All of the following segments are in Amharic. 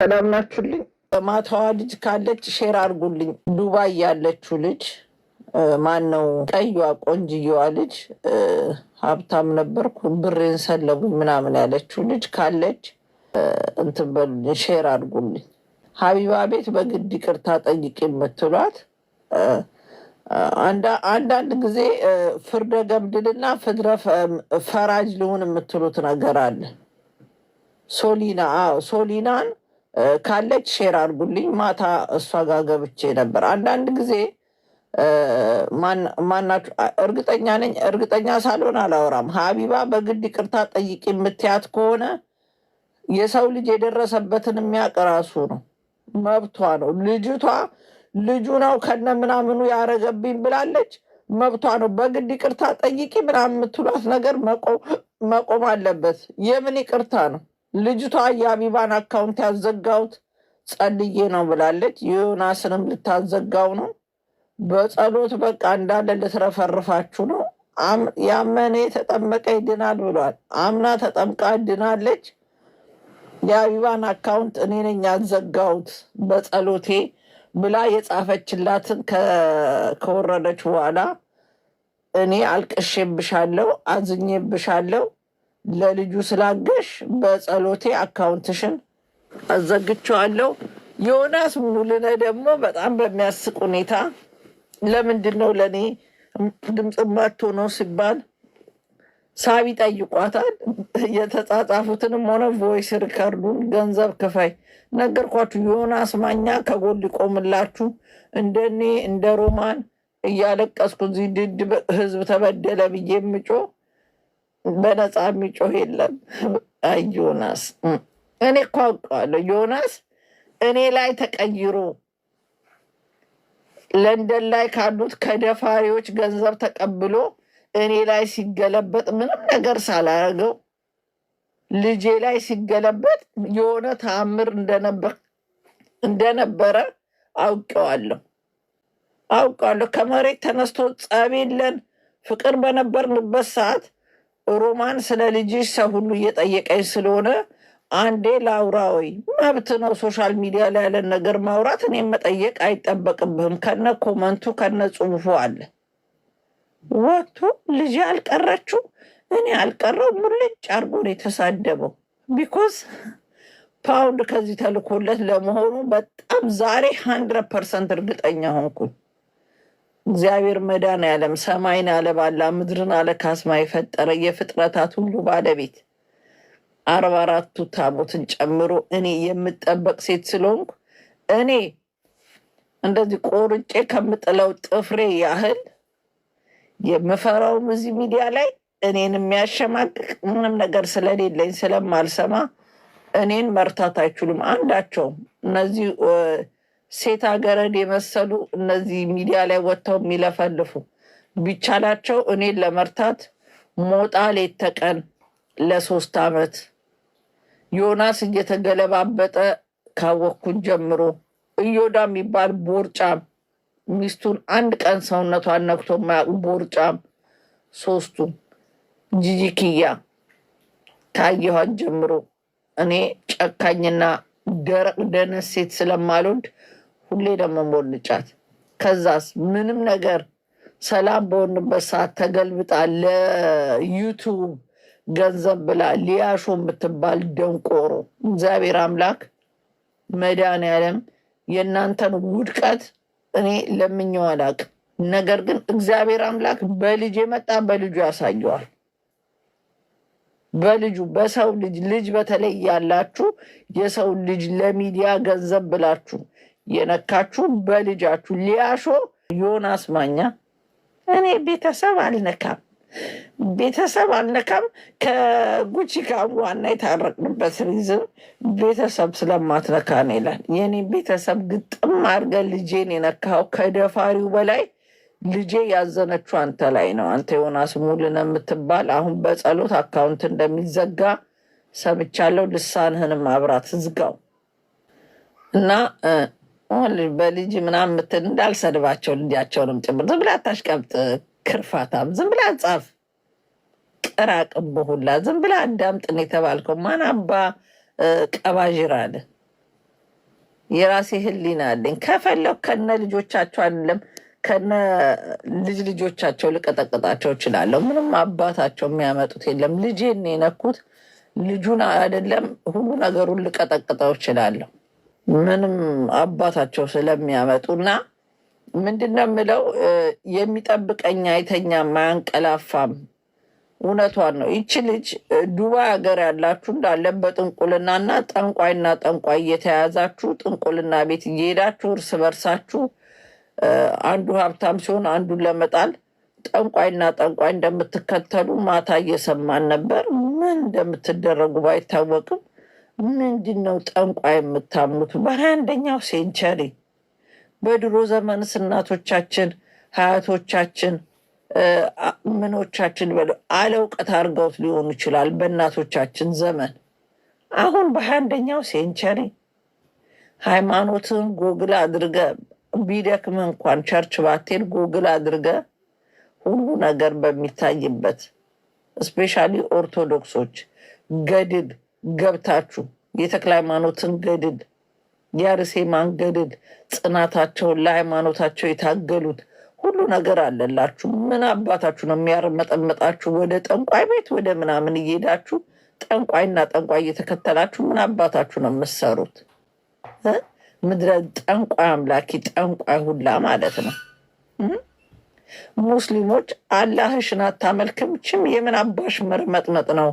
ሰላም ናችሁልኝ። ማታዋ ልጅ ካለች ሼር አድርጉልኝ። ዱባይ ያለችው ልጅ ማን ነው? ቀዩዋ ቆንጅየዋ ልጅ ሀብታም ነበርኩ ብሬን ሰለቡኝ ምናምን ያለችው ልጅ ካለች እንትን በሉልኝ፣ ሼር አድርጉልኝ። ሀቢባ ቤት በግድ ይቅርታ ጠይቅ የምትሏት አንዳንድ ጊዜ ፍርደ ገምድልና ፍድረ ፈራጅ ልሁን የምትሉት ነገር አለ። ሶሊና ሶሊናን ካለች ሼር አርጉልኝ። ማታ እሷ ጋር ገብቼ ነበር። አንዳንድ ጊዜ ማናችሁ እርግጠኛ ነኝ እርግጠኛ ሳልሆን አላወራም። ሀቢባ በግድ ይቅርታ ጠይቂ የምትያት ከሆነ የሰው ልጅ የደረሰበትን የሚያውቅ ራሱ ነው፣ መብቷ ነው። ልጅቷ ልጁ ነው ከነ ምናምኑ ያረገብኝ ብላለች፣ መብቷ ነው። በግድ ይቅርታ ጠይቂ ምናምን የምትሏት ነገር መቆም አለበት። የምን ይቅርታ ነው? ልጅቷ የአቢባን አካውንት ያዘጋሁት ጸልዬ ነው ብላለች። ዮናስንም ልታዘጋው ነው። በጸሎት በቃ እንዳለ ልትረፈርፋችሁ ነው። ያመነ የተጠመቀ ይድናል ብሏል። አምና ተጠምቃ ድናለች። የአቢባን አካውንት እኔ ነኝ ያዘጋሁት በጸሎቴ ብላ የጻፈችላትን ከወረደች በኋላ እኔ አልቅሼብሻለሁ፣ አዝኜብሻለሁ ለልጁ ስላገሽ በጸሎቴ አካውንትሽን አዘግቸዋለው ዮናስ ሙሉነ ደግሞ በጣም በሚያስቅ ሁኔታ ለምንድን ነው ለእኔ ድምፅ ነው ሲባል ሳቢ ጠይቋታል። የተጻጻፉትንም ሆነ ቮይስ ሪከርዱን ገንዘብ ክፈይ። ነገርኳችሁ፣ ዮናስ ማኛ ከጎን ሊቆምላችሁ እንደኔ እንደ ሮማን እያለቀስኩ እዚህ ድድ ህዝብ ተበደለ ብዬ ምጮ በነፃ የሚጮህ የለም። አይ ዮናስ እኔ እኮ አውቀዋለሁ። ዮናስ እኔ ላይ ተቀይሮ ለንደን ላይ ካሉት ከደፋሪዎች ገንዘብ ተቀብሎ እኔ ላይ ሲገለበጥ ምንም ነገር ሳላረገው ልጄ ላይ ሲገለበጥ የሆነ ተአምር እንደነበረ አውቀዋለሁ አውቀዋለሁ። ከመሬት ተነስቶ ጸብ የለን ፍቅር በነበርንበት ሰዓት ሮማን ስለ ልጅሽ ሰው ሁሉ እየጠየቀኝ ስለሆነ አንዴ ላውራዊ መብት ነው። ሶሻል ሚዲያ ላይ ያለን ነገር ማውራት እኔም መጠየቅ አይጠበቅብህም። ከነ ኮመንቱ ከነ ጽሁፉ አለ ወጥቶ ልጅ አልቀረችው እኔ አልቀረው ሙልጭ አርጎ ነው የተሳደበው። ቢኮዝ ፓውንድ ከዚህ ተልኮለት ለመሆኑ በጣም ዛሬ ሀንድረድ ፐርሰንት እርግጠኛ ሆንኩኝ። እግዚአብሔር መዳን ያለም ሰማይን አለባላ ምድርን አለካስማ የፈጠረ የፍጥረታት ሁሉ ባለቤት አርባ አራቱ ታቦትን ጨምሮ እኔ የምጠበቅ ሴት ስለሆንኩ እኔ እንደዚህ ቆርጬ ከምጥለው ጥፍሬ ያህል የምፈራውም እዚህ ሚዲያ ላይ እኔን የሚያሸማቅቅ ምንም ነገር ስለሌለኝ ስለማልሰማ እኔን መርታት አይችሉም አንዳቸውም እነዚህ ሴት አገረድ የመሰሉ እነዚህ ሚዲያ ላይ ወጥተው የሚለፈልፉ ቢቻላቸው እኔን ለመርታት ሞጣ ሌት ተቀን ለሶስት አመት ዮናስ እየተገለባበጠ ካወቅኩን ጀምሮ እዮዳ የሚባል ቦርጫም ሚስቱን አንድ ቀን ሰውነቷን ነክቶ የማያውቅ ቦርጫም፣ ሶስቱም ጂጂክያ ታየኋን ጀምሮ እኔ ጨካኝና ደረቅ ደነሴት ስለማልወድ ሁሌ ደግሞ ሞልጫት። ከዛስ ምንም ነገር ሰላም በሆንበት ሰዓት ተገልብጣ ለዩቱብ ገንዘብ ብላ ሊያሾ የምትባል ደንቆሮ እግዚአብሔር አምላክ መድኃኒዓለም የእናንተን ውድቀት እኔ ለምኜው አላቅም። ነገር ግን እግዚአብሔር አምላክ በልጅ የመጣ በልጁ ያሳየዋል። በልጁ በሰው ልጅ ልጅ በተለይ ያላችሁ የሰው ልጅ ለሚዲያ ገንዘብ ብላችሁ የነካችሁ በልጃችሁ ሊያሾ ዮናስ ማኛ እኔ ቤተሰብ አልነካም ቤተሰብ አልነካም። ከጉቺ ጋር ዋና የታረቅንበት ሪዝም ቤተሰብ ስለማትነካ ይላል። የኔ ቤተሰብ ግጥም አርገ ልጄን የነካው ከደፋሪው በላይ ልጄ ያዘነችው አንተ ላይ ነው። አንተ ዮናስ ሙሉነ የምትባል አሁን በጸሎት አካውንት እንደሚዘጋ ሰምቻለሁ። ልሳንህንም አብራት ዝጋው እና በልጅ ምናምን ምትል እንዳልሰድባቸው ልጃቸውንም ጭምር ዝም ብላ ታሽቀብጥ፣ ክርፋታም ዝም ብላ ጻፍ፣ ቅራቅም ሁላ ዝም ብላ እንዳምጥን የተባልከው ማን አባ ቀባዥር አለ። የራሴ ህሊና አለኝ። ከፈለው ከነ ልጆቻቸው አይደለም ከነ ልጅ ልጆቻቸው ልቀጠቅጣቸው እችላለሁ። ምንም አባታቸው የሚያመጡት የለም። ልጄን የነኩት ልጁን አይደለም ሁሉ ነገሩን ልቀጠቅጠው እችላለሁ። ምንም አባታቸው ስለሚያመጡና ምንድነው የምለው የሚጠብቀኝ አይተኛም አያንቀላፋም። እውነቷን ነው። ይቺ ልጅ ዱባይ ሀገር ያላችሁ እንዳለ በጥንቁልናና ጠንቋይና ጠንቋይ እየተያዛችሁ ጥንቁልና ቤት እየሄዳችሁ እርስ በርሳችሁ አንዱ ሀብታም ሲሆን አንዱን ለመጣል ጠንቋይና ጠንቋይ እንደምትከተሉ ማታ እየሰማን ነበር። ምን እንደምትደረጉ ባይታወቅም ምንድን ነው ጠንቋ የምታምኑት? በሀያ አንደኛው ሴንቸሪ በድሮ ዘመንስ እናቶቻችን ሀያቶቻችን ምኖቻችን በ አለ እውቀት አድርገውት ሊሆኑ ይችላል በእናቶቻችን ዘመን። አሁን በሀያ አንደኛው ሴንቸሪ ሃይማኖትን ጎግል አድርገ ቢደክም እንኳን ቸርች ባቴን ጎግል አድርገ ሁሉ ነገር በሚታይበት ስፔሻ ኦርቶዶክሶች ገድል ገብታችሁ የተክለ ሃይማኖትን ገድል የአርሴማን ገድል ጽናታቸውን ለሃይማኖታቸው የታገሉት ሁሉ ነገር አለላችሁ። ምን አባታችሁ ነው የሚያርመጠመጣችሁ? ወደ ጠንቋይ ቤት ወደ ምናምን እየሄዳችሁ ጠንቋይና ጠንቋይ እየተከተላችሁ ምን አባታችሁ ነው የምትሰሩት? ምድረ ጠንቋይ አምላኪ ጠንቋይ ሁላ ማለት ነው። ሙስሊሞች አላህሽን አታመልክም። ችም የምን አባሽ መርመጥመጥ ነው?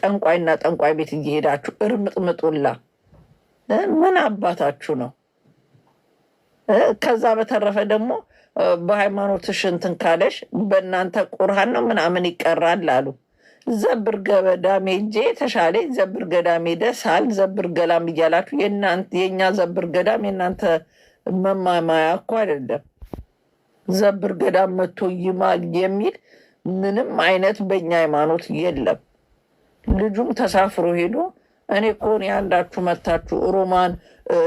ጠንቋይና ጠንቋይ ቤት እየሄዳችሁ እርምጥምጡላ ምን አባታችሁ ነው? ከዛ በተረፈ ደግሞ በሃይማኖትሽ እንትን ካለሽ በእናንተ ቁርሃን ነው ምናምን ይቀራል አሉ። ዘብር ገበዳሜ እጄ ተሻለ ዘብር ገዳሜ ደሳል ዘብር ገላም እያላችሁ የእኛ ዘብር ገዳም የእናንተ መማማያ እኮ አይደለም። ዘብር ገዳም መጥቶ ይማል የሚል ምንም አይነት በኛ ሃይማኖት የለም። ልጁም ተሳፍሮ ሄዶ እኔ እኮ እኔ አንዳችሁ መታችሁ ሮማን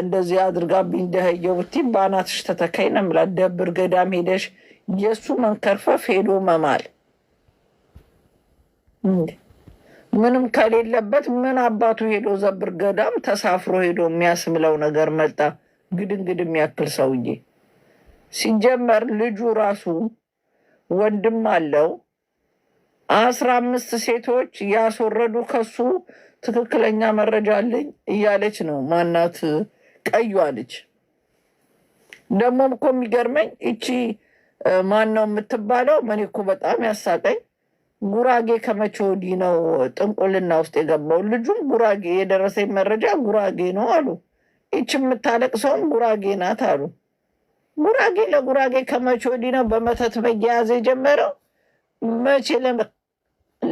እንደዚህ አድርጋብኝ ደህየው ብቲ በአናትሽ ተተካይ ነው የምላት። ደብር ገዳም ሄደሽ የእሱ መንከርፈፍ ሄዶ መማል ምንም ከሌለበት ምን አባቱ ሄዶ ዘብር ገዳም ተሳፍሮ ሄዶ የሚያስምለው ነገር መጣ። ግድንግድ የሚያክል ሰውዬ ሲጀመር ልጁ ራሱ ወንድም አለው። አስራ አምስት ሴቶች ያስወረዱ ከሱ ትክክለኛ መረጃ አለኝ እያለች ነው። ማናት ቀዩ አለች። ደግሞ እኮ የሚገርመኝ እቺ ማን ነው የምትባለው? እኔ እኮ በጣም ያሳቀኝ ጉራጌ ከመቼ ወዲህ ነው ጥንቁልና ውስጥ የገባው? ልጁም ጉራጌ የደረሰኝ መረጃ ጉራጌ ነው አሉ። ይች የምታለቅ ሰውም ጉራጌ ናት አሉ። ጉራጌ ለጉራጌ ከመቼ ወዲህ ነው በመተት መያያዝ የጀመረው? መቼ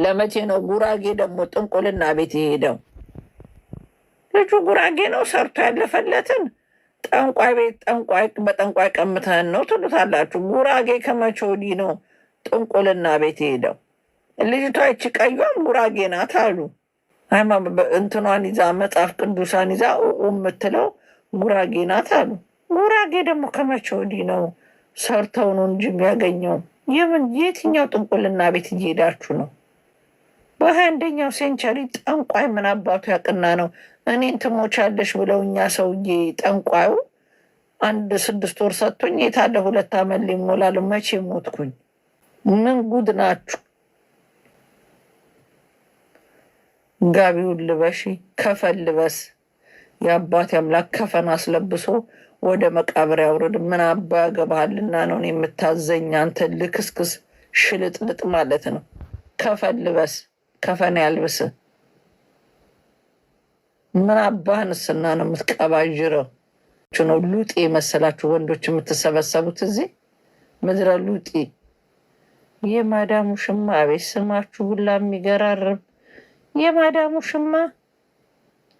ለመቼ ነው ጉራጌ ደግሞ ጥንቁልና ቤት የሄደው? ልጁ ጉራጌ ነው ሰርቶ ያለፈለትን ጠንቋይ ቤት ጠንቋይ በጠንቋይ ቀምተን ነው ትሉታላችሁ። ጉራጌ ከመቼ ወዲህ ነው ጥንቁልና ቤት የሄደው? ልጅቷ ይቺ ቀዩም ጉራጌ ናት አሉ። እንትኗን ይዛ መጽሐፍ ቅዱሳን ይዛ የምትለው ጉራጌ ናት አሉ። ጉራጌ ደግሞ ከመቼ ወዲህ ነው ሰርተው ነው እንጂ የሚያገኘው? የምን የትኛው ጥንቁልና ቤት እየሄዳችሁ ነው? በሀያ አንደኛው ሴንቸሪ ጠንቋይ ምን አባቱ ያቅና ነው? እኔን ትሞቻለሽ ብለው እኛ ሰውዬ ጠንቋዩ አንድ ስድስት ወር ሰጥቶኝ የታለ ሁለት አመት ሊሞላል መቼ ሞትኩኝ። ምን ጉድ ናችሁ! ጋቢውን ልበሺ፣ ከፈን ልበስ፣ የአባት አምላክ ከፈን አስለብሶ ወደ መቃብር ያውርድ። ምን አባ ገባህልና ነውን የምታዘኝ አንተ ልክስክስ ሽልጥልጥ ማለት ነው። ከፈን ልበስ ከፈን ያልብስ። ምን አባህ ንስና ነው የምትቀባዥረው? ነው ሉጤ የመሰላችሁ ወንዶች የምትሰበሰቡት እዚህ ምድረ ሉጤ የማዳሙ ሽማ አቤት ስማችሁ ሁላ የሚገራርም የማዳሙ ሽማ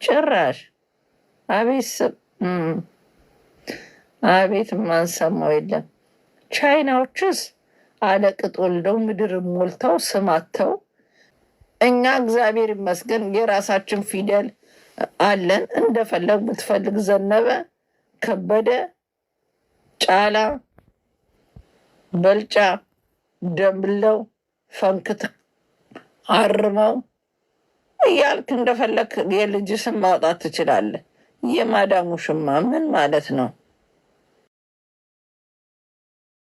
ጭራሽ አቤት ስም አቤት ማንሰማው የለም። ቻይናዎችስ አለቅጥ ወልደው ምድር ሞልተው ስማተው፣ እኛ እግዚአብሔር ይመስገን የራሳችን ፊደል አለን። እንደፈለግ ብትፈልግ ዘነበ ከበደ፣ ጫላ፣ በልጫ፣ ደምለው፣ ፈንክት አርመው እያልክ እንደፈለግ የልጅ ስም ማውጣት ትችላለህ። የማዳሙ ሽማ ምን ማለት ነው?